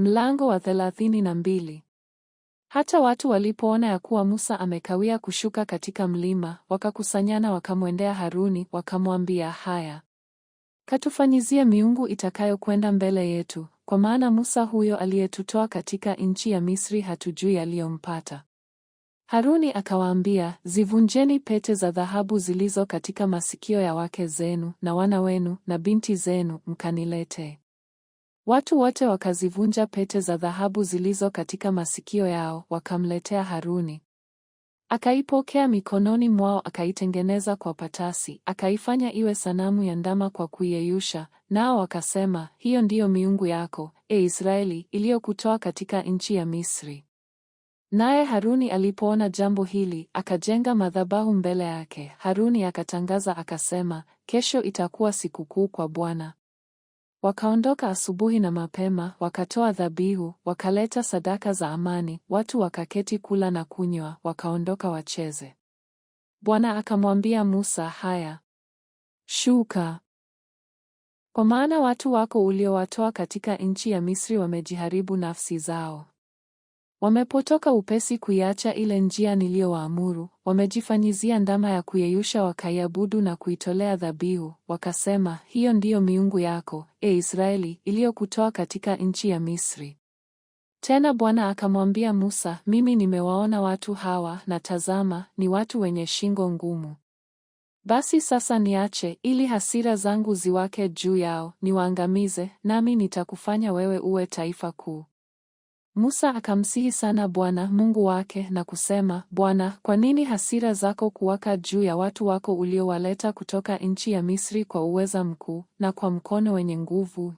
Mlango wa thelathini na mbili. Hata watu walipoona ya kuwa Musa amekawia kushuka katika mlima, wakakusanyana wakamwendea Haruni, wakamwambia, haya, katufanyizie miungu itakayokwenda mbele yetu, kwa maana Musa huyo aliyetutoa katika nchi ya Misri hatujui aliyompata. Haruni akawaambia, zivunjeni pete za dhahabu zilizo katika masikio ya wake zenu na wana wenu na binti zenu, mkanilete Watu wote wakazivunja pete za dhahabu zilizo katika masikio yao, wakamletea Haruni. Akaipokea mikononi mwao, akaitengeneza kwa patasi, akaifanya iwe sanamu ya ndama kwa kuiyeyusha. Nao wakasema, hiyo ndiyo miungu yako, e Israeli, iliyokutoa katika nchi ya Misri. Naye Haruni alipoona jambo hili, akajenga madhabahu mbele yake. Haruni akatangaza akasema, kesho itakuwa sikukuu kwa Bwana. Wakaondoka asubuhi na mapema, wakatoa dhabihu, wakaleta sadaka za amani, watu wakaketi kula na kunywa, wakaondoka wacheze. Bwana akamwambia Musa, haya, shuka, kwa maana watu wako uliowatoa katika nchi ya Misri wamejiharibu nafsi zao. Wamepotoka upesi kuiacha ile njia niliyowaamuru, wamejifanyizia ndama ya kuyeyusha wakaiabudu na kuitolea dhabihu, wakasema, hiyo ndiyo miungu yako, e Israeli, iliyokutoa katika nchi ya Misri. Tena Bwana akamwambia Musa, mimi nimewaona watu hawa, na tazama, ni watu wenye shingo ngumu. Basi sasa niache, ili hasira zangu ziwake juu yao, niwaangamize, nami nitakufanya wewe uwe taifa kuu. Musa akamsihi sana Bwana Mungu wake na kusema, Bwana, kwa nini hasira zako kuwaka juu ya watu wako uliowaleta kutoka nchi ya Misri kwa uweza mkuu na kwa mkono wenye nguvu?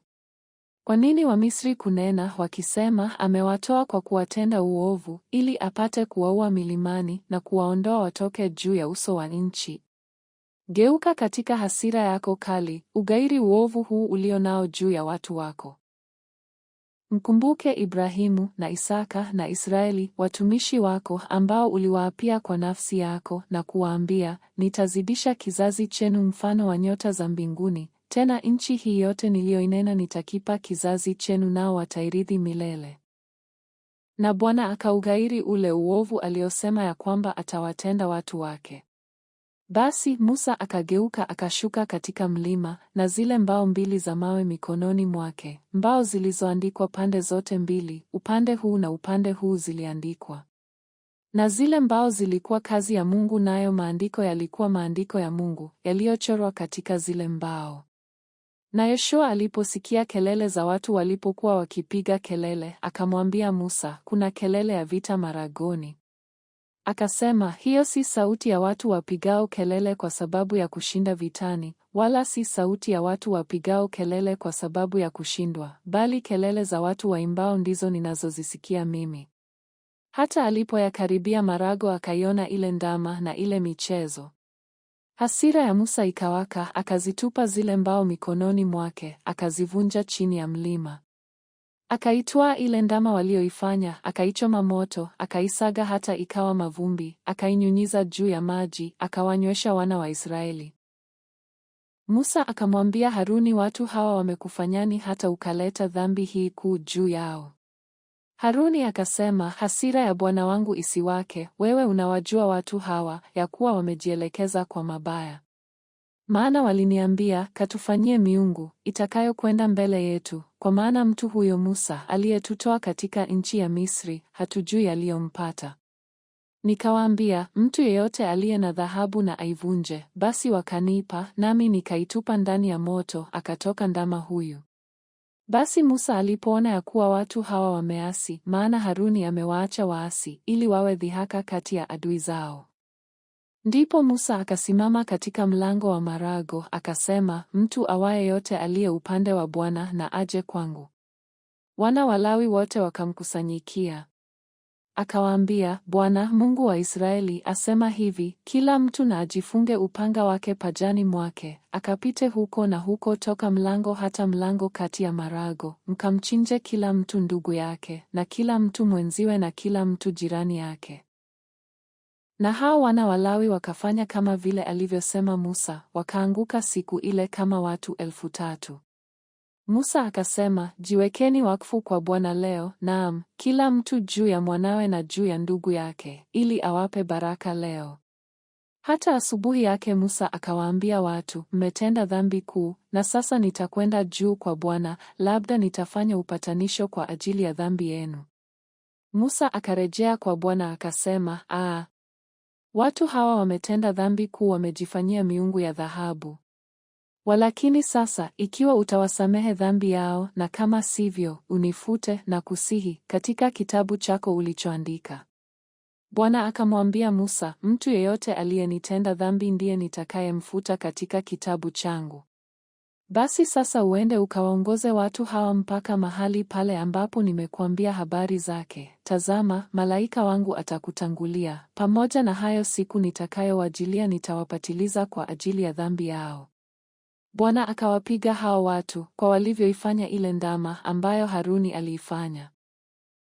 Kwa nini Wamisri kunena wakisema, amewatoa kwa kuwatenda uovu, ili apate kuwaua milimani na kuwaondoa watoke juu ya uso wa nchi? Geuka katika hasira yako kali, ugairi uovu huu ulio nao juu ya watu wako. Mkumbuke Ibrahimu na Isaka na Israeli watumishi wako ambao uliwaapia kwa nafsi yako na kuwaambia, nitazidisha kizazi chenu mfano wa nyota za mbinguni, tena nchi hii yote niliyoinena nitakipa kizazi chenu, nao watairithi milele. Na Bwana akaugairi ule uovu aliosema ya kwamba atawatenda watu wake. Basi Musa akageuka akashuka katika mlima na zile mbao mbili za mawe mikononi mwake, mbao zilizoandikwa pande zote mbili, upande huu na upande huu ziliandikwa. Na zile mbao zilikuwa kazi ya Mungu, nayo maandiko yalikuwa maandiko ya Mungu yaliyochorwa katika zile mbao. Na Yoshua aliposikia kelele za watu walipokuwa wakipiga kelele, akamwambia Musa, kuna kelele ya vita maragoni. Akasema hiyo si sauti ya watu wapigao kelele kwa sababu ya kushinda vitani, wala si sauti ya watu wapigao kelele kwa sababu ya kushindwa, bali kelele za watu waimbao ndizo ninazozisikia mimi. Hata alipoyakaribia Marago akaiona ile ndama na ile michezo. Hasira ya Musa ikawaka, akazitupa zile mbao mikononi mwake, akazivunja chini ya mlima. Akaitwaa ile ndama walioifanya, akaichoma moto, akaisaga hata ikawa mavumbi, akainyunyiza juu ya maji, akawanywesha wana wa Israeli. Musa akamwambia Haruni, watu hawa wamekufanyani hata ukaleta dhambi hii kuu juu yao? Haruni akasema, hasira ya bwana wangu isiwake, wewe unawajua watu hawa, ya kuwa wamejielekeza kwa mabaya. Maana waliniambia, katufanyie miungu itakayokwenda mbele yetu, kwa maana mtu huyo Musa aliyetutoa katika nchi ya Misri, hatujui aliyompata. Nikawaambia, mtu yeyote aliye na dhahabu na aivunje. Basi wakanipa, nami nikaitupa ndani ya moto, akatoka ndama huyu. Basi Musa alipoona ya kuwa watu hawa wameasi, maana Haruni amewaacha waasi, ili wawe dhihaka kati ya adui zao, Ndipo Musa akasimama katika mlango wa marago akasema, mtu awaye yote aliye upande wa Bwana na aje kwangu. Wana walawi wote wakamkusanyikia. Akawaambia, Bwana Mungu wa Israeli asema hivi, kila mtu na ajifunge upanga wake pajani mwake, akapite huko na huko toka mlango hata mlango kati ya marago, mkamchinje kila mtu ndugu yake, na kila mtu mwenziwe, na kila mtu jirani yake. Na hao wana walawi wakafanya kama vile alivyosema Musa, wakaanguka siku ile kama watu elfu tatu. Musa akasema, jiwekeni wakfu kwa Bwana leo, naam, kila mtu juu ya mwanawe na juu ya ndugu yake, ili awape baraka leo. Hata asubuhi yake Musa akawaambia watu, mmetenda dhambi kuu, na sasa nitakwenda juu kwa Bwana, labda nitafanya upatanisho kwa ajili ya dhambi yenu. Musa akarejea kwa Bwana akasema, aa, Watu hawa wametenda dhambi kuu, wamejifanyia miungu ya dhahabu. Walakini sasa, ikiwa utawasamehe dhambi yao, na kama sivyo, unifute na kusihi katika kitabu chako ulichoandika. Bwana akamwambia Musa, mtu yeyote aliyenitenda dhambi ndiye nitakayemfuta katika kitabu changu. Basi sasa uende ukawaongoze watu hawa mpaka mahali pale ambapo nimekuambia habari zake. Tazama, malaika wangu atakutangulia. Pamoja na hayo, siku nitakayowajilia nitawapatiliza kwa ajili ya dhambi yao. Bwana akawapiga hao watu kwa walivyoifanya ile ndama ambayo Haruni aliifanya.